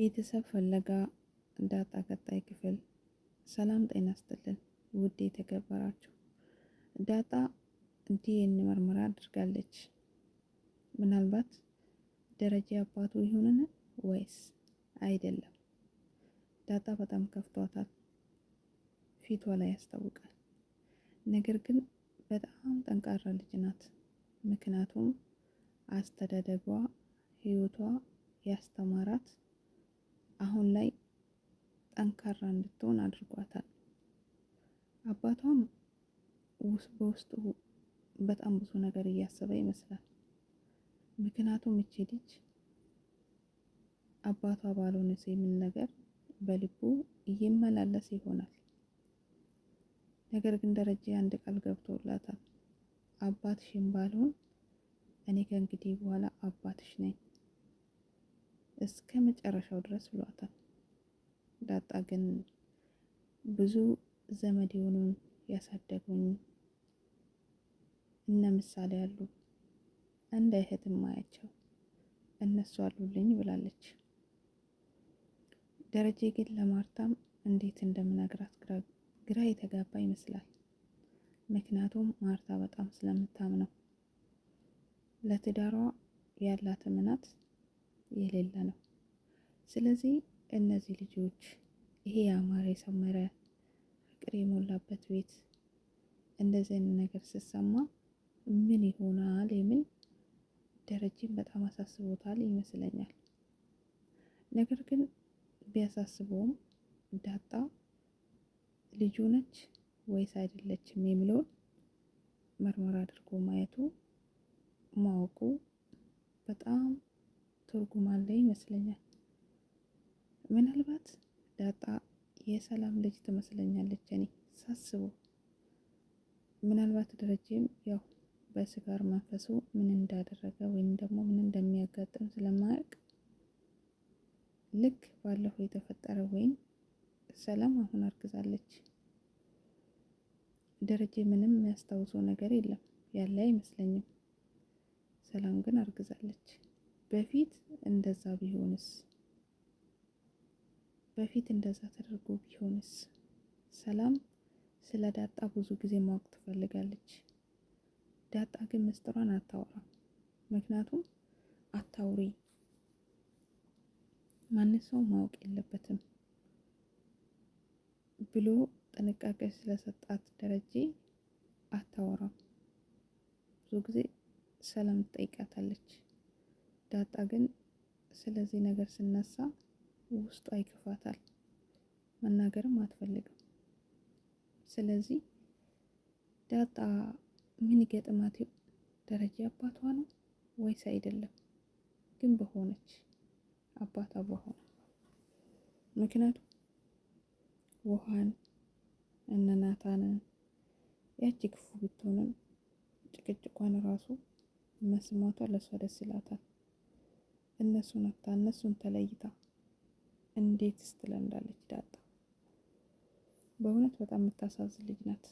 ቤተሰብ ፍለጋ ዳጣ ቀጣይ ክፍል። ሰላም ጤና ስጥልን ውድ የተከበራችሁ ዳጣ ዲኤን ምርመራ አድርጋለች። ምናልባት ደረጀ አባቱ ይሁንን ወይስ አይደለም? ዳጣ በጣም ከፍቷታል፣ ፊቷ ላይ ያስታውቃል። ነገር ግን በጣም ጠንካራ ልጅ ናት። ምክንያቱም አስተዳደጓ ህይወቷ ያስተማራት አሁን ላይ ጠንካራ እንድትሆን አድርጓታል። አባቷም በውስጡ በጣም ብዙ ነገር እያሰበ ይመስላል። ምክንያቱም እቺ ልጅ አባቷ ባልሆነ የሚል ነገር በልቡ እየመላለስ ይሆናል። ነገር ግን ደረጃ አንድ ቃል ገብቶላታል። አባትሽን ባልሆን እኔ ከእንግዲህ በኋላ አባትሽ ነኝ እስከ መጨረሻው ድረስ ብሏታል። ዳጣ ግን ብዙ ዘመድ የሆኑን ያሳደጉኝ እነ ምሳሌ አሉ እንደ እህት ማያቸው እነሱ አሉልኝ ብላለች። ደረጀ ግን ለማርታም እንዴት እንደምነግራት ግራ የተጋባ ይመስላል። ምክንያቱም ማርታ በጣም ስለምታምነው ለትዳሯ ያላት እምነት የሌለ ነው። ስለዚህ እነዚህ ልጆች ይሄ ያማረ የሰመረ ፍቅር የሞላበት ቤት እንደዚህ አይነት ነገር ስሰማ ምን ይሆናል የሚል ደረጀን በጣም አሳስቦታል ይመስለኛል። ነገር ግን ቢያሳስበውም ዳጣ ልጁ ነች ወይስ አይደለችም የሚለውን መርመር አድርጎ ማየቱ ማወቁ በጣም ትርጉም አለ ይመስለኛል። ምናልባት ዳጣ የሰላም ልጅ ትመስለኛለች እኔ ሳስበው። ምናልባት ደረጀም ያው በስጋር መንፈሱ ምን እንዳደረገ ወይም ደግሞ ምን እንደሚያጋጥም ስለማያውቅ ልክ ባለፈው የተፈጠረ ወይም ሰላም አሁን አርግዛለች። ደረጀ ምንም የሚያስታውሰው ነገር የለም ያለ አይመስለኝም። ሰላም ግን አርግዛለች። በፊት እንደዛ ቢሆንስ በፊት እንደዛ ተደርጎ ቢሆንስ? ሰላም ስለ ዳጣ ብዙ ጊዜ ማወቅ ትፈልጋለች። ዳጣ ግን ምስጢሯን አታወራም። ምክንያቱም አታውሪ ማን ሰው ማወቅ የለበትም ብሎ ጥንቃቄ ስለሰጣት ደረጀ አታወራም። ብዙ ጊዜ ሰላም ትጠይቃታለች። ዳጣ ግን ስለዚህ ነገር ስነሳ ውስጧ ይከፋታል፣ መናገርም አትፈልግም። ስለዚህ ዳጣ ምን ገጥማት ደረጃ አባቷ ነው ወይስ አይደለም? ግን በሆነች አባቷ በሆነ ምክንያቱም ውሃን እነ ያቺ ክፉ ብትሆንም ጭቅጭቋን ራሱ መስማቷ ለእሷ ደስ ይላታል። እነሱን ወታ እነሱን ተለይታ እንዴት ስትለምዳለች ዳጣ። በእውነት በጣም የምታሳዝን ልጅ ናት።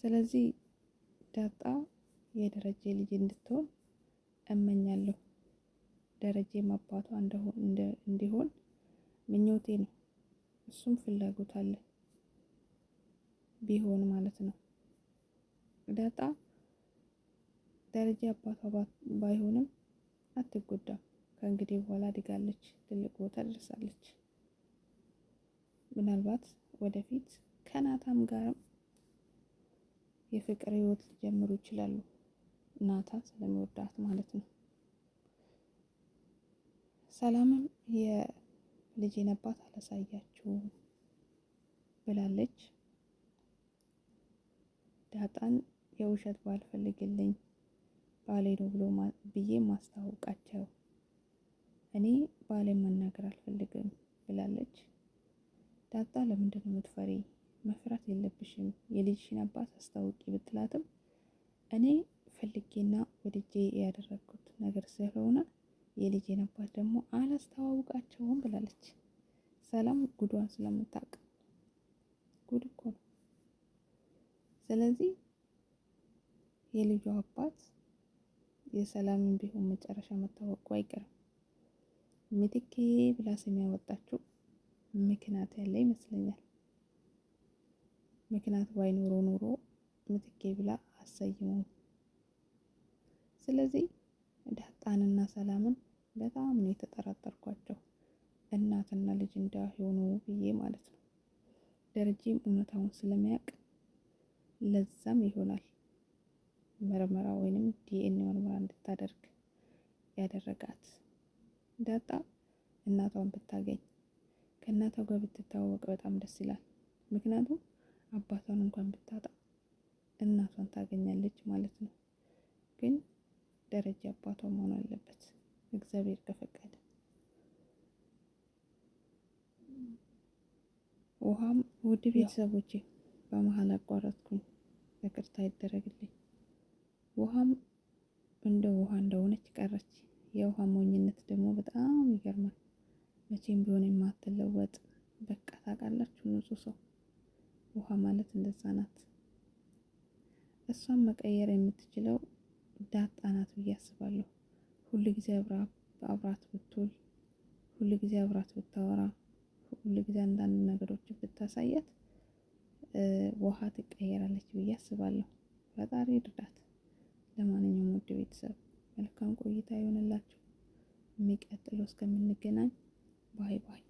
ስለዚህ ዳጣ የደረጀ ልጅ እንድትሆን እመኛለሁ። ደረጀም አባቷ እንዲሆን ምኞቴ ነው። እሱም ፍላጎት አለ ቢሆን ማለት ነው ዳጣ ደረጃ አባቷ ባይሆንም አትጎዳም። ከእንግዲህ በኋላ አድጋለች፣ ትልቅ ቦታ ደርሳለች። ምናልባት ወደፊት ከናታም ጋርም የፍቅር ህይወት ሊጀምሩ ይችላሉ። ናታ ስለሚወዳት ማለት ነው። ሰላምም የልጄን አባት አላሳያችሁም ብላለች። ዳጣን የውሸት ባልፈልግልኝ። ባሌ ነው ብሎ ብዬ ማስታወቃቸው እኔ ባሌ መናገር አልፈልግም ብላለች። ዳጣ ለምንድን ነው የምትፈሪ? መፍራት የለብሽም የልጅሽን አባት አስታውቂ ብትላትም እኔ ፈልጌና ወድጄ ያደረግኩት ነገር ስለሆነ የልጄን አባት ደግሞ አላስተዋውቃቸውም ብላለች። ሰላም ጉዷን ስለምታውቅ ጉድ እኮ ነው። ስለዚህ የልጇ አባት የሰላምን ቢሆን መጨረሻ መታወቁ አይቀርም። ምትኬ ብላ ስም ያወጣችው ምክንያት ያለ ይመስለኛል። ምክንያት ባይኖሮ ኖሮ ምትኬ ብላ አሰይመው። ስለዚህ ዳጣንና ሰላምን በጣም ነው የተጠራጠርኳቸው እናትና ልጅ እንዳይሆኑ ብዬ ማለት ነው። ደረጀም እውነታውን ስለሚያውቅ ለዛም ይሆናል ምርመራ ወይንም ዲኤንኤ ምርመራ እንድታደርግ ያደረጋት ዳጣ እናቷን ብታገኝ ከእናቷ ጋር ብትታወቅ በጣም ደስ ይላል። ምክንያቱም አባቷን እንኳን ብታጣ እናቷን ታገኛለች ማለት ነው። ግን ደረጃ አባቷ መሆን አለበት እግዚአብሔር ከፈቀደ። ውሃም ውድ ቤተሰቦቼ በመሀል አቋረጥኩኝ፣ ይቅርታ ይደረግልኝ። ውሃም እንደ ውሃ እንደሆነች ቀረች። የውሃ ሞኝነት ደግሞ በጣም ይገርማል። መቼም ቢሆን የማትለወጥ በቃ ታውቃላችሁ፣ ንጹህ ሰው ውሃ ማለት እንደዛ ናት። እሷን መቀየር የምትችለው ዳጣ ናት ብዬ አስባለሁ። ሁሉ ጊዜ አብራት ብትውል፣ ሁሉ ጊዜ አብራት ብታወራ፣ ሁሉ ጊዜ አንዳንድ ነገሮችን ብታሳያት ውሃ ትቀየራለች ብዬ አስባለሁ። ፈጣሪ ይርዳት። ለማንኛውም ውድ ቤተሰብ መልካም ቆይታ ይሆንላችሁ። የሚቀጥለው እስከምንገናኝ ባይ ባይ።